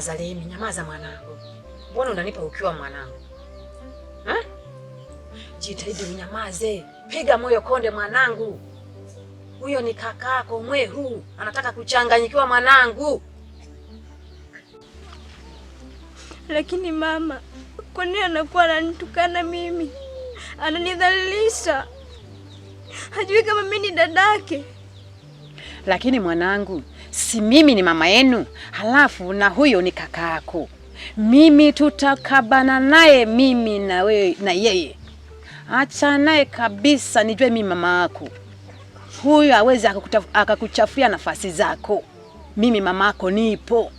Nyamaza Lemi, nyamaza mwanangu. Mbona unanipa ukiwa mwanangu? Ha? Jitahidi unyamaze. Piga moyo konde mwanangu. Huyo ni kakako mwehu, anataka kuchanganyikiwa mwanangu. Lakini mama, kwa nini anakuwa ananitukana mimi? Ananidhalilisha. Hajui kama mimi ni dadake. Lakini mwanangu, si mimi ni mama yenu, halafu na huyo ni kaka yako. Mimi tutakabana naye mimi na wewe na yeye, acha naye kabisa, nijue mimi mama yako. Huyo hawezi akakuchafuria nafasi zako. Mimi mama yako nipo.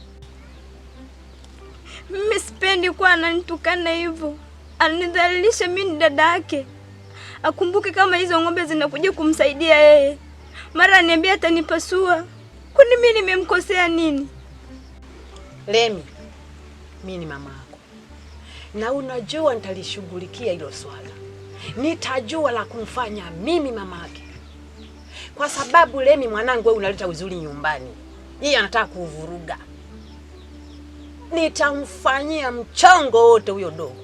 Mimi sipendi kuwa ananitukana hivyo, anidhalilisha mimi ni dada yake. Akumbuke kama hizo ng'ombe zinakuja kumsaidia yeye, mara aniambia atanipasua. Kwani mimi nimemkosea nini? Lemi, mimi ni mama yako, na unajua nitalishughulikia hilo swala, nitajua la kumfanya mimi mama yake, kwa sababu Lemi mwanangu, wewe unaleta uzuri nyumbani, yeye anataka kuvuruga Nitamfanyia mchongo wote huyo dogo,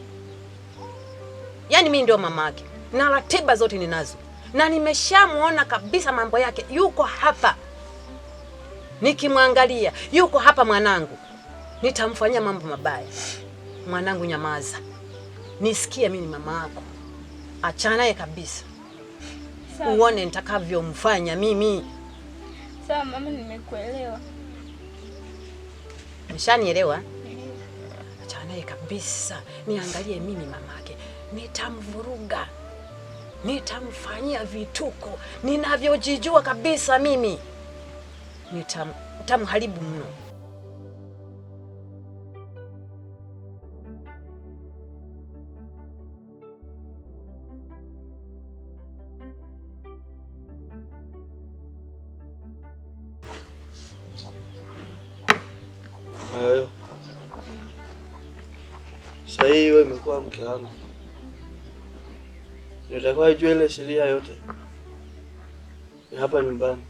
yaani mimi ndio mama yake na ratiba zote ninazo, na nimeshamuona kabisa mambo yake, yuko hapa nikimwangalia yuko hapa mwanangu, nitamfanyia mambo mabaya. Mwanangu, nyamaza, nisikie, mimi ni mama yako, achana naye kabisa, uone nitakavyomfanya mimi. Sawa mama, nimekuelewa. Nishanielewa. Achana naye kabisa, niangalie mimi mamake, nitamvuruga, nitamfanyia vituko ninavyojijua kabisa mimi nitamharibu mno. Sasa hii wewe umekuwa mke wangu, nitakuwa jua ile sheria yote hapa nyumbani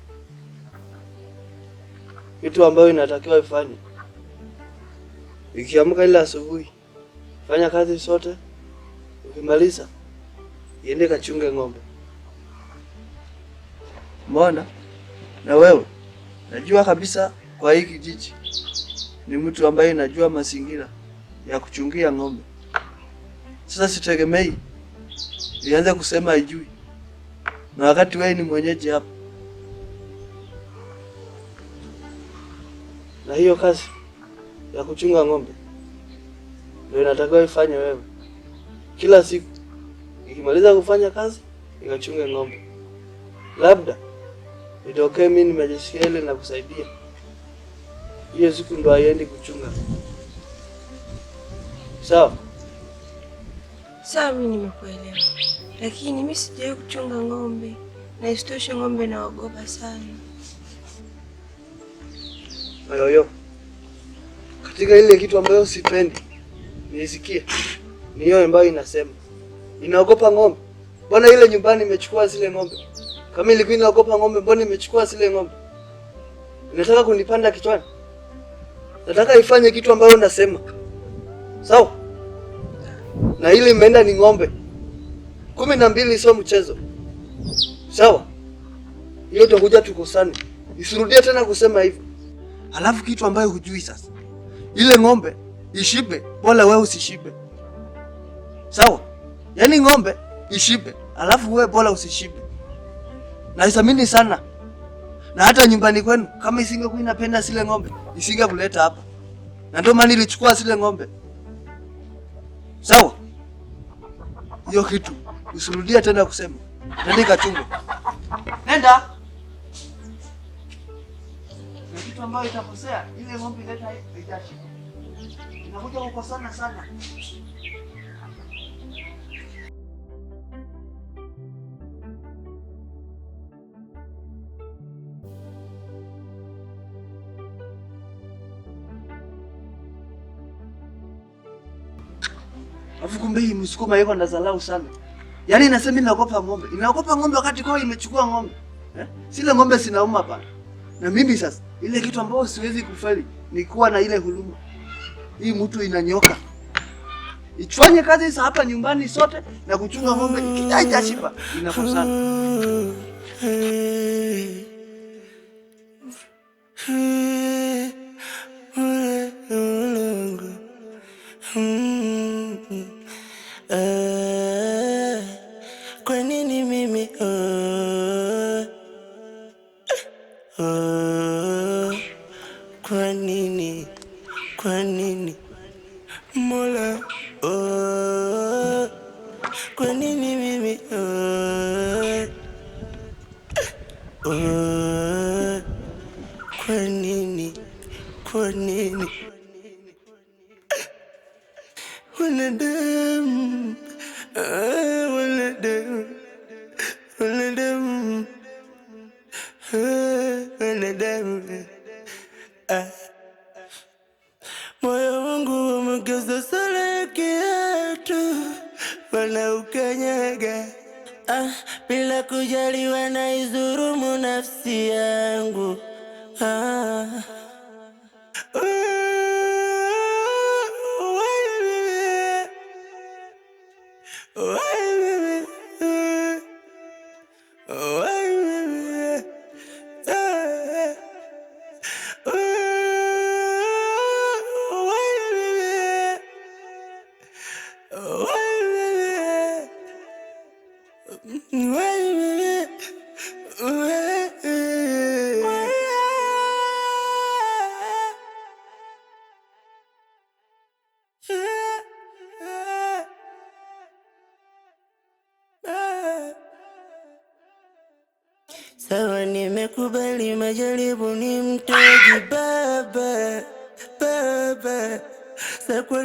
kitu ambayo inatakiwa ifanye. Ikiamka ile asubuhi, fanya kazi zote, ukimaliza iende kachunge ng'ombe. Mbona na wewe najua kabisa kwa hii kijiji ni mtu ambaye najua mazingira ya kuchungia ng'ombe. Sasa sitegemei ianze kusema ijui, na wakati wewe ni mwenyeji hapa. na hiyo kazi ya kuchunga ng'ombe ndio inatakiwa ifanye wewe kila siku. Ikimaliza kufanya kazi ikachunge ng'ombe, labda itokee mimi nimejisikia ile na kusaidia hiyo siku, ndo haiendi kuchunga. Sawa sawa, mimi nimekuelewa, lakini mimi sijawahi kuchunga ng'ombe na isitoshe ng'ombe naogopa sana. Mayoyo, katika ile kitu ambayo sipendi nisikie, ni hiyo ambayo inasema inaogopa ng'ombe. Mbona ile nyumbani imechukua zile ng'ombe? Kama ilikuwa inaogopa ng'ombe, mbona imechukua zile ng'ombe? Nataka kunipanda kichwani, nataka ifanye kitu ambayo nasema sawa. Na ile imeenda ni ng'ombe kumi na mbili, sio mchezo sawa. Hiyo tutakuja tukosane, isirudie tena kusema hivyo. Alafu kitu ambayo hujui sasa, ile ng'ombe ishibe, bora wewe usishibe, sawa? Yaani ng'ombe ishibe, alafu wewe bora usishibe. Naisamini sana, na hata nyumbani kwenu kama isingekuwa inapenda sile ng'ombe isingekuleta hapa, na ndio maana nilichukua sile ng'ombe, sawa? Hiyo kitu usirudia tena kusema. Nenda ikachunge, nenda kitu ambayo itakosea ile ng'ombe ileta itashika, inakuja kukosana sana. Alafu kumbe hii msukuma yuko na ndazalau sana. Yaani inasema inaogopa ng'ombe. Inaogopa ng'ombe wakati kwao imechukua ng'ombe. Eh? Sile ng'ombe sinauma hapa. Na mimi sasa ile kitu ambayo siwezi kufeli ni kuwa na ile huruma. Hii mtu inanyoka. Ichwanye kazi hapa nyumbani sote na kuchunga ng'ombe kidai cha shiba inakosana. Mm-hmm. him.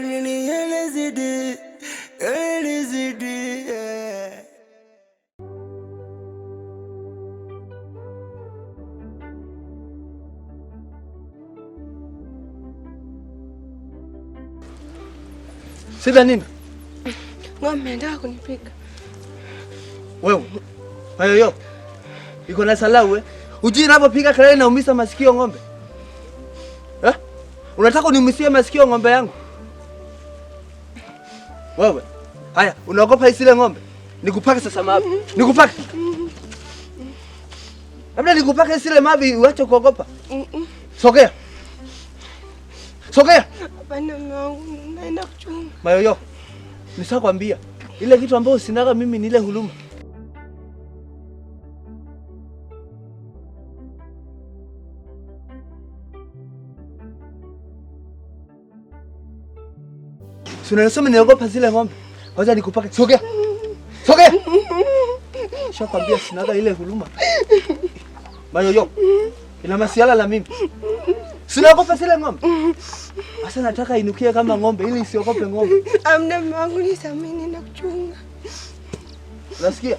Golini elezidi, elezidi, eh. Sida nini? Ngoa ndio kunipiga. Wewe. Hayo yo. Iko na salau eh? Ujui unapopiga kelele na umisa masikio ng'ombe. Eh? Unataka uniumisie masikio ng'ombe yangu? Wewe. Haya, unaogopa isile ng'ombe? Nikupake sasa mavi. Nikupake. Labda nikupake isile mavi uache kuogopa. Sogea. Sogea. Hapana mwanangu, naenda kuchunga. Mayoyo. Nisakwambia. Ile kitu ambayo sinaga mimi ni ile huluma. Si unasema niogopa zile ng'ombe. Ngoja nikupake. Sogea. Sogea. Shakwambia sinaga ile huluma. Mayoyo. Ina masiala la mimi. Sinaogopa zile ng'ombe. Sasa nataka inukie kama ng'ombe ili isiogope ng'ombe. Amna mwangu ni samini na kuchunga. Unasikia?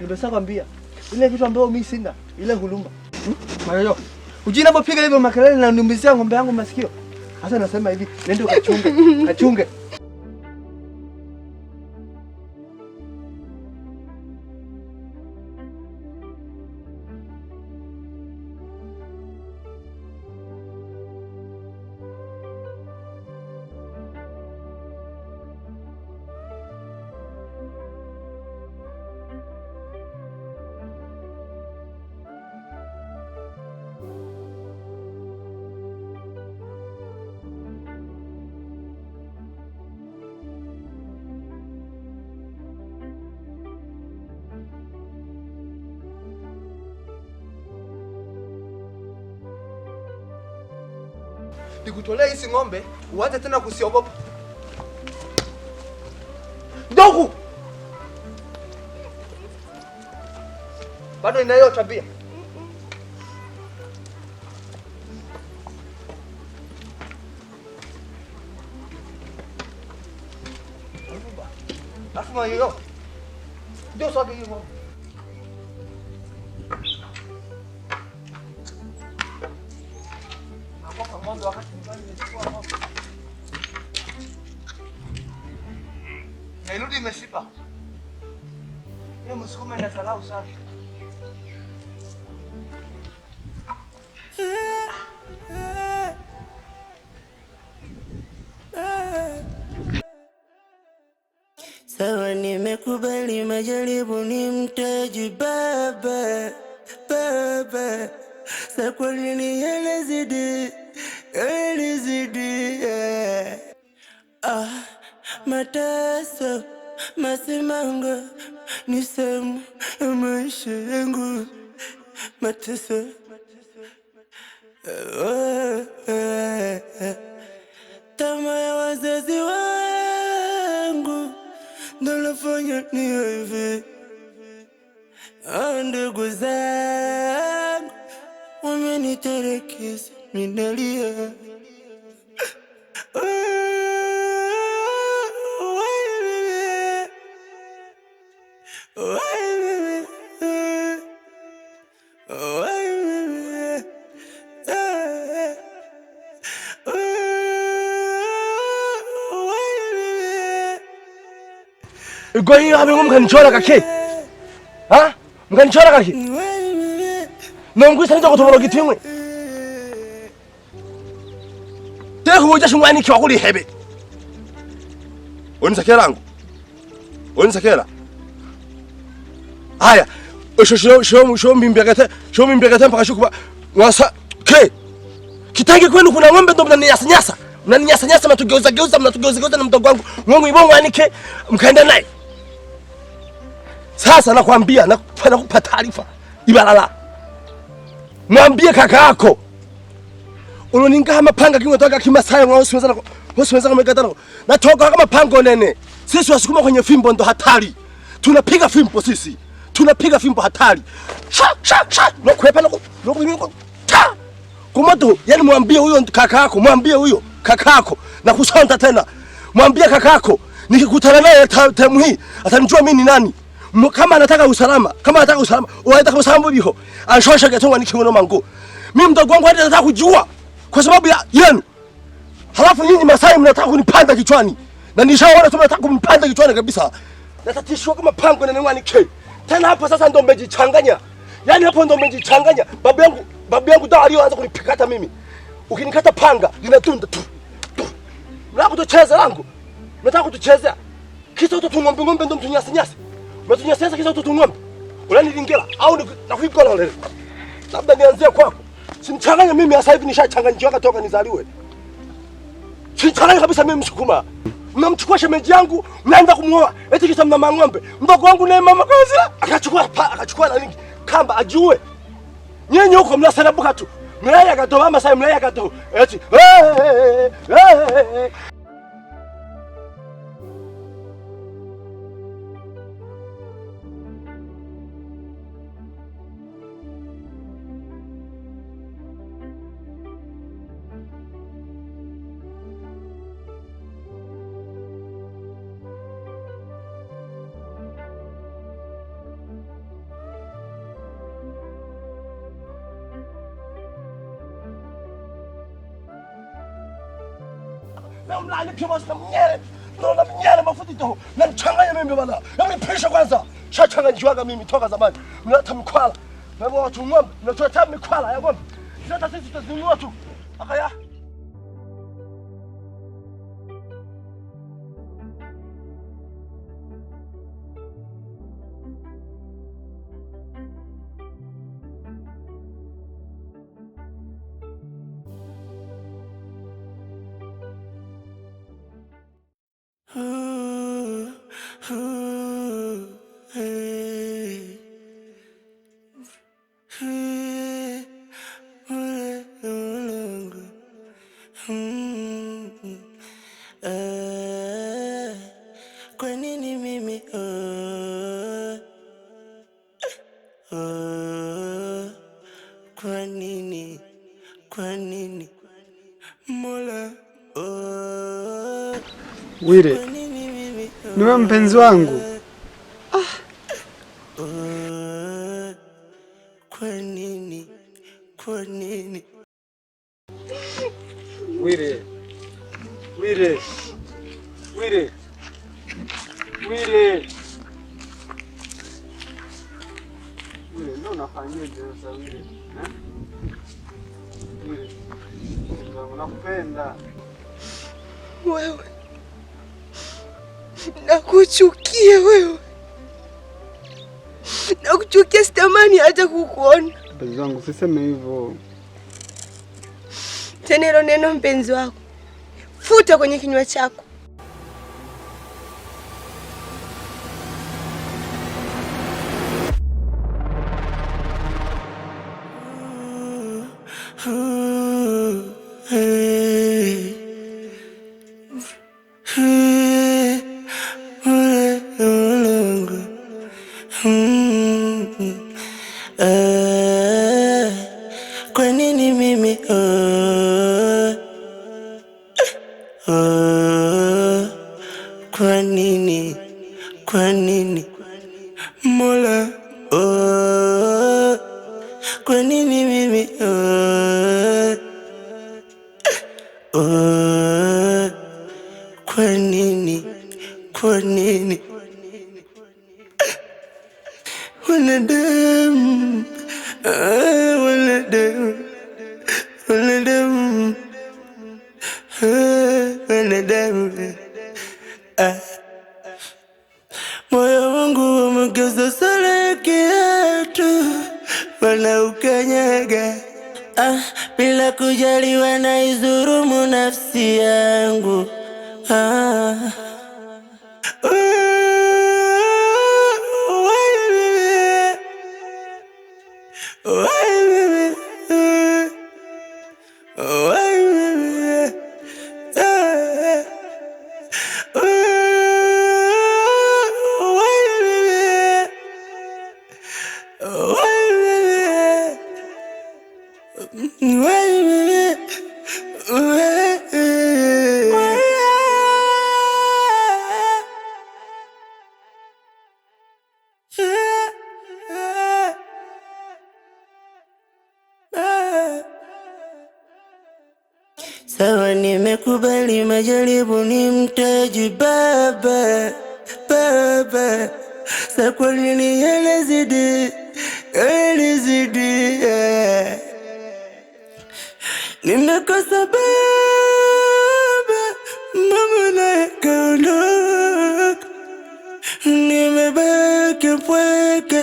Ndio sasa kwambia. Ile kitu ambayo mimi sina, ile huluma. Mayoyo. Ujina mpiga hivyo makelele na niumbizia ng'ombe yangu masikio. Sasa nasema hivi, nenda ukachunge, kachunge nikutolea hizi ng'ombe uanze tena kusiogopa. Ndogo bado ina hiyo tabia. Alafu hiyo ndio sababu hiyo Ajali majaribu ni mtaji baba baba, sa kwa nini hele zidi Yeah. Ah, mateso masimango ni sehemu ya maisha yangu mateso, oh. nifanye niwe hivi. Ndugu zangu wamenitelekeza, minalia Go hiyo hapo mkanichora kake. Ha? Mkanichora kake. Na mguu sasa kutobora kitu kimwe. Tehu uja shungani kwa kuli hebe. Unisakia langu. Unisakia. Haya. Shosho shosho shosho mbimbegete. Shosho mbimbegete mpaka shukuba. Wasa ke. Kitangi kwenu kuna ng'ombe ndo mnaninyasa nyasa. Mnaninyasa nyasa mnatugeuza geuza mnatugeuza geuza na mtongo wangu. Mungu ibongo anike mkaenda naye. Sasa nakwambia, nakupa taarifa Ibalala, mwambie kaka yako uloningaha mapanga kingotaka kimasaya ngosiweza ngosiweza kama na toka kama pango nene. Sisi wasukuma kwenye fimbo ndo hatari, tunapiga fimbo sisi, tunapiga fimbo hatari. Sha sha sha lokwepa loko loko loko cha kumoto. Yani mwambie huyo kaka yako, mwambie huyo kaka yako na kusonda tena, mwambie kaka yako nikikutana naye temu hii atanijua mimi ni nani kama anataka usalama, kama anataka usalama, waenda kama sababu hiyo. Anshosha gatonga ni kiuno mangu. Mimi mdogo wangu hata nataka kujua kwa sababu ya yenu. Halafu nyinyi Masai mnataka kunipanda kichwani. Na nishaona tu mnataka kumpanda kichwani kabisa. Natatishwa kama pango na nani ke. Tena hapa sasa ndo mmejichanganya. Yaani hapo ndo mmejichanganya. Babu yangu, babu yangu ndo aliyoanza kunipikata mimi. Ukinikata panga linatunda tu. Mnataka kutucheza langu. Mnataka kutucheza. Kisa utatungombe ng'ombe ng'ombe ndo mtunyasi nyasi. Unatumia siasa kisa utoto ng'ombe. Ulani lingela au nakuiko la leo. Labda nianzie kwako. Simchanganye mimi sasa hivi nishachanganyikiwa kutoka nizaliwe. Simchanganye kabisa mimi Msukuma. Mnamchukua shemeji yangu, mnaanza kumuoa. Eti kisa mna mang'ombe. Mdogo wangu naye mama kaza akachukua pa, akachukua na nini? Kamba ajue. Nyenye huko mnasarabuka tu. Mlaya gato mama sasa mlaya gato. Eti. Hey, eh, eh, hey, eh, hey, hey. na mlale pia basi na mnyere ndio mafuta toho na mchanganya mimi bana na mnipisha kwanza shachanganyiwaga mimi toka zamani mnaleta mkwala na watu ng'ombe na tunataka ya ng'ombe sasa sisi tutazinunua tu akaya Ah, kwa nini, kwa nini Mola, uh, niwe mpenzi wangu Nakupenda wewe, nakuchukia wewe, nakuchukia, sitamani hata kukuona. Mpenzi wangu, siseme hivyo tena, hilo neno mpenzi wako futa kwenye kinywa chako. Mm. Nimejaribu ni mtaji baba baba, sa kwa nini yanazidi yanazidi, Nimekosa baba, mama naye kaondoka, nimebaki mpweke,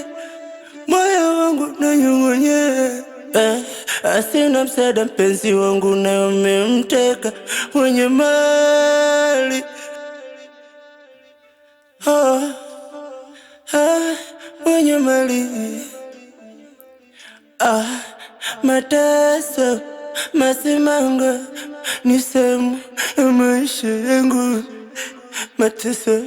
moyo wangu nayong'onyea, eh, asina msaada mpenzi wangu naye umemteka mwenye mali oh, ah, mwenye ah, mali ah, mateso masimanga ni sehemu ya maisha yangu mateso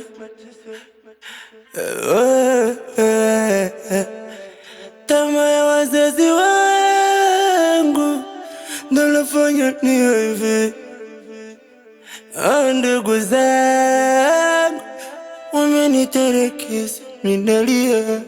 tama ya wazazi wangu ndolofanya niyo hivi Ndugu zangu wamenitelekeza, minalia